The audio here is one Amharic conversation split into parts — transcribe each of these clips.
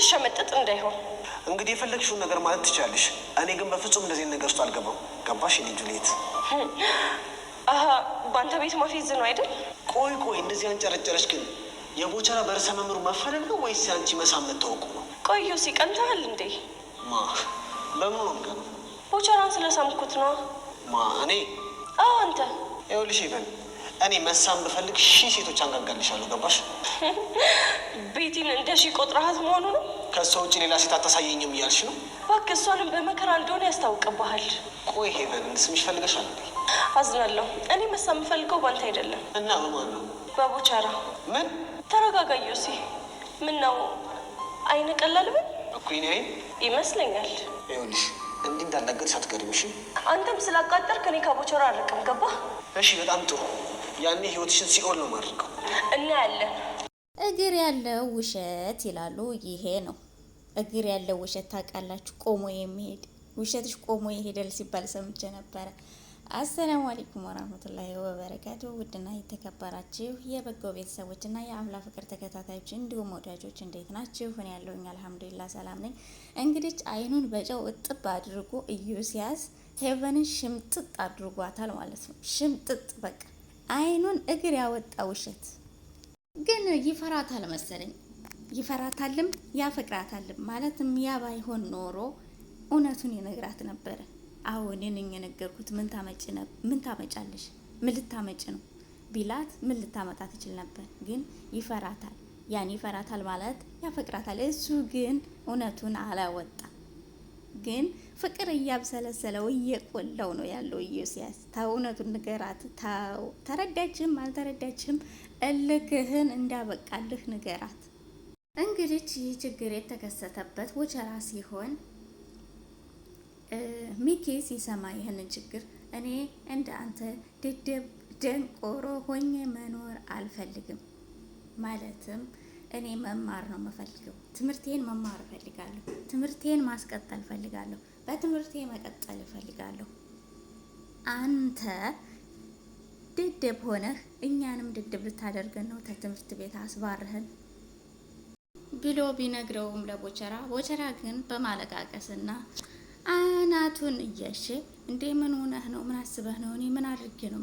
ልሸመጥጥ እንዳይሆን እንግዲህ የፈለግሽውን ነገር ማለት ትችላለሽ። እኔ ግን በፍጹም እንደዚህ ነገር ውስጥ አልገባም። ገባሽ? እኔ ጁልየት፣ አሀ በአንተ ቤት ማፌዝ ነው አይደል? ቆይ ቆይ፣ እንደዚህ አንጨረጨረች ግን የቦቻራ በርዕሰ መምህሩ መፈለግ ነው ወይስ አንቺ መሳመት መታወቁ ነው? ቆዩ ሲቀንተሃል እንዴ? ማ በምን ወንገ ነው? ቦቸራን ስለሳምኩት ነው። ማ እኔ? አዎ አንተ። ይኸውልሽ ይበል እኔ መሳም ብፈልግ ሺህ ሴቶች አንጋጋልሻለሁ። ገባሽ? ቤቲን እንደ ሺህ ቆጥረሃት መሆኑ ነው። ከእሷ ውጭ ሌላ ሴት አታሳየኝም እያልሽ ነው? እባክህ እሷንም በመከራ እንደሆነ ያስታውቅብሃል። ቆይ ሄደን እንድስምሽ ፈልገሻል እንዴ? አዝናለሁ። እኔ መሳም የምፈልገው ባንተ አይደለም። እና በማን ነው? በቦቻራ። ምን? ተረጋጋዩ። ሲ ምን ነው አይነ ቀላል ምን እኮ እኔ አይን ይመስለኛል። ይኸውልሽ እንዲህ እንዳናገርሽ አትቀሪም። አንተም ስላቃጠር ከኔ ከቦቻራ አርቅም። ገባ? እሺ። በጣም ጥሩ ያኔ ህይወትሽን ሲኦል ነው ማድረገው። እና ያለ እግር ያለው ውሸት ይላሉ። ይሄ ነው እግር ያለው ውሸት ታውቃላችሁ። ቆሞ የሚሄድ ውሸትሽ ቆሞ ይሄዳል ሲባል ሰምቼ ነበረ። አሰላሙ አለይኩም ወራህመቱላሂ ወበረካቱ። ውድና የተከበራችሁ የበጎ ቤተሰቦችና የአምላ ፍቅር ተከታታዮች እንዲሁም ወዳጆች እንዴት ናችሁ? እኔ ያለሁኝ አልሐምዱሊላ ሰላም ነኝ። እንግዲህ አይኑን በጨው እጥብ አድርጎ እዩ ሲያዝ ሄቨንን ሽምጥጥ አድርጓታል ማለት ነው። ሽምጥጥ በቃ አይኑን እግር ያወጣ ውሸት። ግን ይፈራታል መሰለኝ፣ ይፈራታልም ያፈቅራታልም። ማለትም ያ ባይሆን ኖሮ እውነቱን ይነግራት ነበረ። አሁን እኔ የነገርኩት ምን ታመጫለሽ? ምን ልታመጭ ነው ቢላት ምን ልታመጣ ትችል ነበር። ግን ይፈራታል። ያን ይፈራታል ማለት ያፈቅራታል። እሱ ግን እውነቱን አላወጣ ግን ፍቅር እያብሰለሰለው እየቆላው ነው ያለው ኢዮስያስ። ተው ንገራት። ተው ተረዳችም አልተረዳችም እልክህን እንዳበቃልህ ንገራት። እንግዲህ ይህ ችግር የተከሰተበት ወቸራ ሲሆን ሚኬ ሲሰማ ይህንን ችግር እኔ እንደ አንተ ድድብ ደንቆሮ ሆኜ መኖር አልፈልግም ማለትም እኔ መማር ነው የምፈልገው። ትምህርቴን መማር እፈልጋለሁ። ትምህርቴን ማስቀጠል እፈልጋለሁ። በትምህርቴ መቀጠል እፈልጋለሁ። አንተ ድድብ ሆነህ እኛንም ድድብ ልታደርገን ነው ከትምህርት ቤት አስባርህን ብሎ ቢነግረውም ለቦቸራ ቦቸራ ግን በማለቃቀስና አናቱን እያሸ እንዴ ምን ሆነህ ነው? ምን አስበህ ነው? እኔ ምን አድርጌ ነው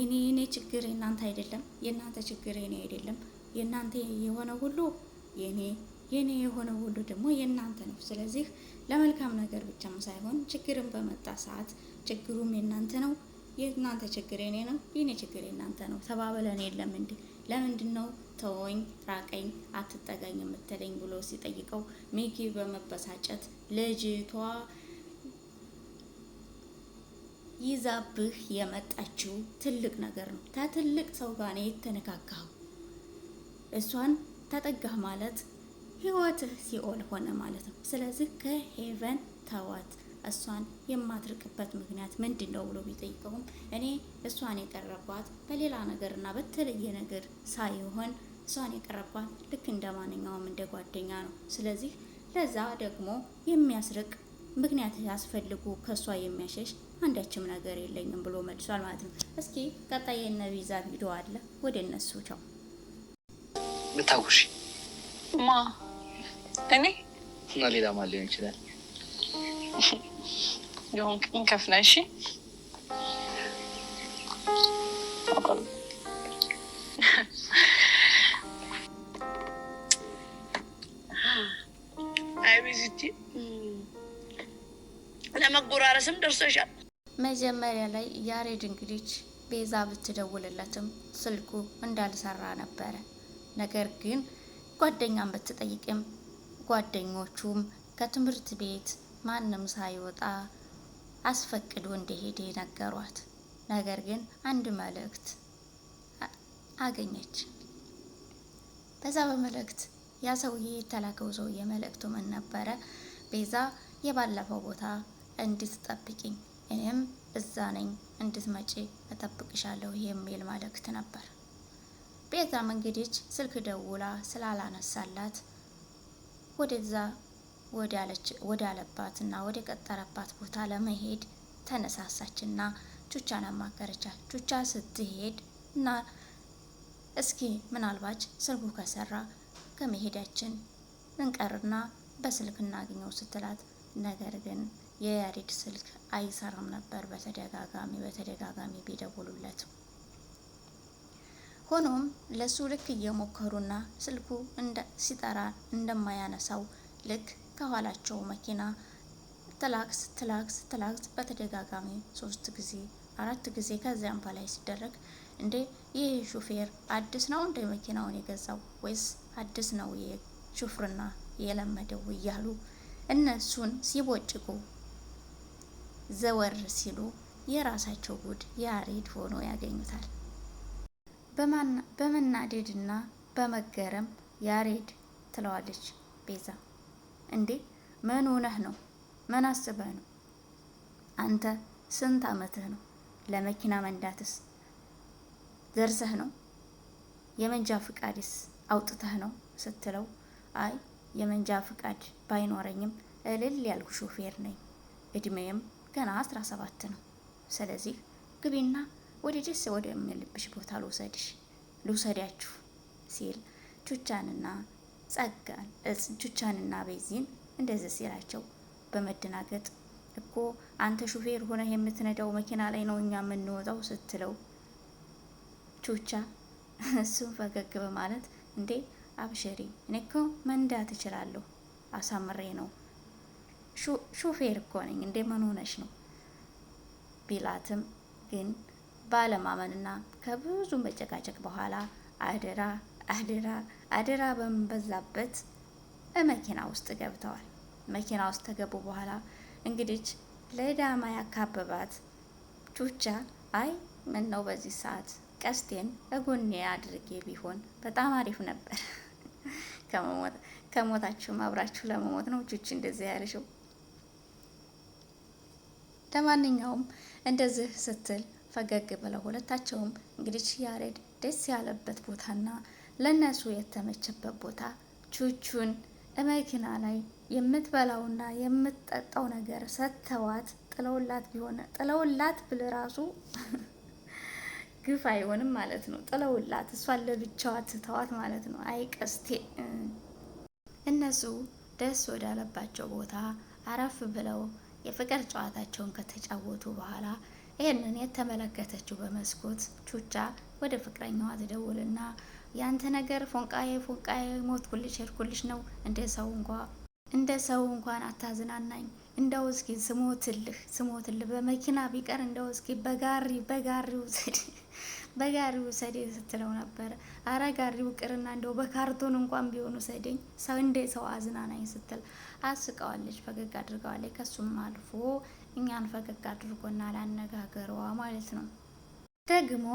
እኔ እኔ ችግር የእናንተ አይደለም፣ የእናንተ ችግር የኔ አይደለም። የእናንተ የሆነ ሁሉ የኔ የኔ የሆነ ሁሉ ደግሞ የእናንተ ነው። ስለዚህ ለመልካም ነገር ብቻም ሳይሆን ችግርን በመጣ ሰዓት ችግሩም የእናንተ ነው፣ የእናንተ ችግር የኔ ነው፣ የኔ ችግር የእናንተ ነው ተባብለን የለም እንዴ? ለምንድን ነው ተወኝ፣ ራቀኝ፣ አትጠጋኝ የምትለኝ ብሎ ሲጠይቀው ሚኪ በመበሳጨት ልጅቷ ይዛብህ የመጣችው ትልቅ ነገር ነው። ከትልቅ ሰው ጋር ነው የተነካካው። እሷን ተጠጋህ ማለት ህይወትህ ሲኦል ሆነ ማለት ነው። ስለዚህ ከሄቨን ተዋት። እሷን የማትርቅበት ምክንያት ምንድን ነው ብሎ ቢጠይቀውም እኔ እሷን የቀረባት በሌላ ነገርና በተለየ ነገር ሳይሆን እሷን የቀረባት ልክ እንደ ማንኛውም እንደ ጓደኛ ነው። ስለዚህ ለዛ ደግሞ የሚያስርቅ ምክንያት ያስፈልጉ ከእሷ የሚያሸሽ አንዳችም ነገር የለኝም ብሎ መልሷል ማለት ነው። እስኪ ቀጣይ የነ ቪዛ ቪዲዮ አለ ወደ እነሱ ቻው ምታውሽ ማ እኔ እና ሌላ ማ ሊሆን ይችላል ሊሆን እንከፍላ እሺ ድረስም ደርሶሻል። መጀመሪያ ላይ ያሬድ እንግዲህ ቤዛ ብትደውልለትም ስልኩ እንዳልሰራ ነበረ። ነገር ግን ጓደኛን ብትጠይቅም ጓደኞቹም ከትምህርት ቤት ማንም ሳይወጣ አስፈቅዶ እንደሄደ ነገሯት። ነገር ግን አንድ መልእክት አገኘች። በዛ በመልእክት ያ ሰውዬ የተላከው ሰውዬ መልእክቱ ምን ነበረ? ቤዛ የባለፈው ቦታ እንድትጠብቂኝ እኔም እዛ ነኝ እንድትመጪ እጠብቅሻለሁ የሚል መልእክት ነበር። ቤዛም እንግዲህ ስልክ ደውላ ስላላነሳላት ወደዛ ወዳለባት እና ወደ ቀጠረባት ቦታ ለመሄድ ተነሳሳች እና ቹቻን አማከረቻት። ቹቻ ስትሄድ እና እስኪ ምናልባች ስልኩ ከሰራ ከመሄዳችን እንቀርና በስልክ እናገኘው ስትላት ነገር ግን የያሬድ ስልክ አይሰራም ነበር። በተደጋጋሚ በተደጋጋሚ ቢደውሉለት ሆኖም ለሱ ልክ እየሞከሩና ስልኩ ሲጠራ እንደማያነሳው ልክ ከኋላቸው መኪና ትላክስ ትላክስ ትላክስ በተደጋጋሚ ሶስት ጊዜ አራት ጊዜ ከዚያም በላይ ሲደረግ እንዴ ይህ ሹፌር አዲስ ነው እንደ መኪናውን የገዛው ወይስ አዲስ ነው ሹፍርና የለመደው እያሉ እነሱን ሲቦጭቁ ዘወር ሲሉ የራሳቸው ጉድ ያሬድ ሆኖ ያገኙታል። በመናደድና በመገረም ያሬድ ትለዋለች ቤዛ። እንዴ ምን ሆነህ ነው? ምን አስበህ ነው? አንተ ስንት ዓመትህ ነው? ለመኪና መንዳትስ ደርሰህ ነው? የመንጃ ፍቃድስ አውጥተህ ነው ስትለው አይ የመንጃ ፍቃድ ባይኖረኝም እልል ያልኩ ሾፌር ነኝ እድሜም ገና አስራ ሰባት ነው። ስለዚህ ግቢና ወደ ደስ ወደሚልብሽ ቦታ ልውሰድሽ ልውሰዳችሁ ሲል ቹቻንና ጸጋን ቹቻንና ቤዚን እንደዚህ ሲላቸው በመደናገጥ እኮ አንተ ሹፌር ሆነህ የምትነዳው መኪና ላይ ነው እኛ የምንወጣው ስትለው ቹቻ እሱም ፈገግ በማለት እንዴ አብሸሪ እኔ እኮ መንዳት እችላለሁ አሳምሬ ነው ሹፌር እኮ ነኝ እንደ ምን ሆነሽ ነው ቢላትም ግን ባለማመንና ከብዙ መጨቃጨቅ በኋላ አደራ አደራ አደራ በምንበዛበት መኪና ውስጥ ገብተዋል። መኪና ውስጥ ከገቡ በኋላ እንግዲች ለዳማ ያካበባት ቹቻ አይ ምን ነው በዚህ ሰዓት ቀስቴን እጎኔ አድርጌ ቢሆን በጣም አሪፍ ነበር። ከሞታችሁ አብራችሁ ለመሞት ነው ቹቺ እንደዚህ ያለሽው። ለማንኛውም እንደዚህ ስትል ፈገግ ብለው ሁለታቸውም እንግዲህ ያሬድ ደስ ያለበት ቦታና ለእነሱ የተመቸበት ቦታ ቹቹን መኪና ላይ የምትበላውና የምትጠጣው ነገር ሰጥተዋት ጥለውላት ቢሆን ጥለውላት ብል ራሱ ግፍ አይሆንም ማለት ነው። ጥለውላት እሷን ለብቻዋ ትተዋት ማለት ነው። አይቀስቴ እነሱ ደስ ወዳለባቸው ቦታ አረፍ ብለው የፍቅር ጨዋታቸውን ከተጫወቱ በኋላ ይህንን የተመለከተችው በመስኮት ቹቻ ወደ ፍቅረኛዋ ትደውልና ያንተ ነገር ፎንቃዬ ፎንቃዬ ኩልሽ ሄድኩልሽ ነው እንደ ሰው እንኳ እንደ ሰው እንኳን አታዝናናኝ እንደው እስኪ ስሞትልህ ስሞትልህ በመኪና ቢቀር እንደው እስኪ በጋሪ በጋሪ ውሰድ በጋሪ ውሰድ ስትለው ነበር። አረ ጋሪው ቅርና እንደው በካርቶን እንኳን ቢሆን ውሰደኝ ሰው እንደ ሰው አዝናናኝ ስትል አስቀዋለች፣ ፈገግ አድርገዋለች። ከሱም አልፎ እኛን ፈገግ አድርጎና ላነጋገሯ ማለት ነው። ደግሞ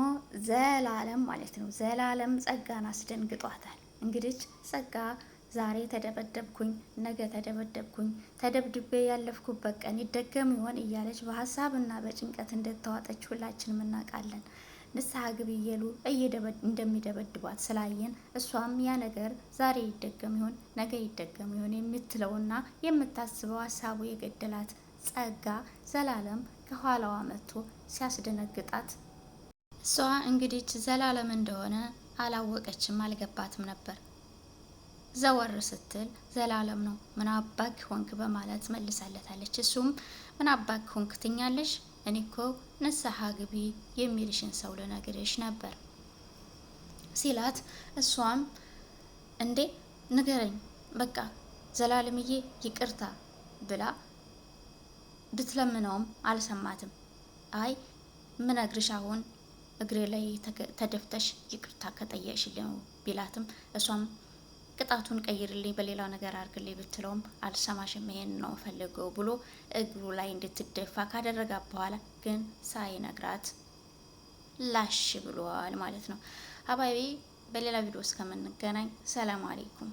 ዘላለም ማለት ነው። ዘላለም ጸጋን አስደንግጧታል። እንግዲህ ጸጋ ዛሬ ተደበደብኩኝ፣ ነገ ተደበደብኩኝ፣ ተደብድቤ ያለፍኩበት ቀን ይደገም ይሆን እያለች በሀሳብና በጭንቀት እንደተዋጠች ሁላችንም እናውቃለን። ንስሐ ግቢ እየሉ እንደሚደበድቧት ስላየን እሷም ያ ነገር ዛሬ ይደገም ይሆን ነገ ይደገም ይሆን የምትለውና የምታስበው ሀሳቡ የገደላት ጸጋ ዘላለም ከኋላዋ መጥቶ ሲያስደነግጣት እሷ እንግዲች ዘላለም እንደሆነ አላወቀችም፣ አልገባትም ነበር። ዘወር ስትል ዘላለም ነው ምናባክ ሆንክ በማለት መልሳለታለች። እሱም ምናባክ ሆንክ ትኛለሽ እኔ እኮ ንስሐ ግቢ የሚልሽን ሰው ልነግርሽ ነበር ሲላት፣ እሷም እንዴ ንገረኝ በቃ ዘላለምዬ ይቅርታ ብላ ብትለምነውም አልሰማትም። አይ ምነግርሽ አሁን እግሬ ላይ ተደፍተሽ ይቅርታ ከጠየቅሽልኝ ቢላትም እሷም ቅጣቱን ቀይርልኝ፣ በሌላ ነገር አድርግልኝ ብትለውም አልሰማሽም፣ ይሄን ነው ፈልገው ብሎ እግሩ ላይ እንድትደፋ ካደረጋ በኋላ ግን ሳይነግራት ላሽ ብሏል ማለት ነው። አባቢ በሌላ ቪዲዮ እስከምንገናኝ ሰላም አሌይኩም።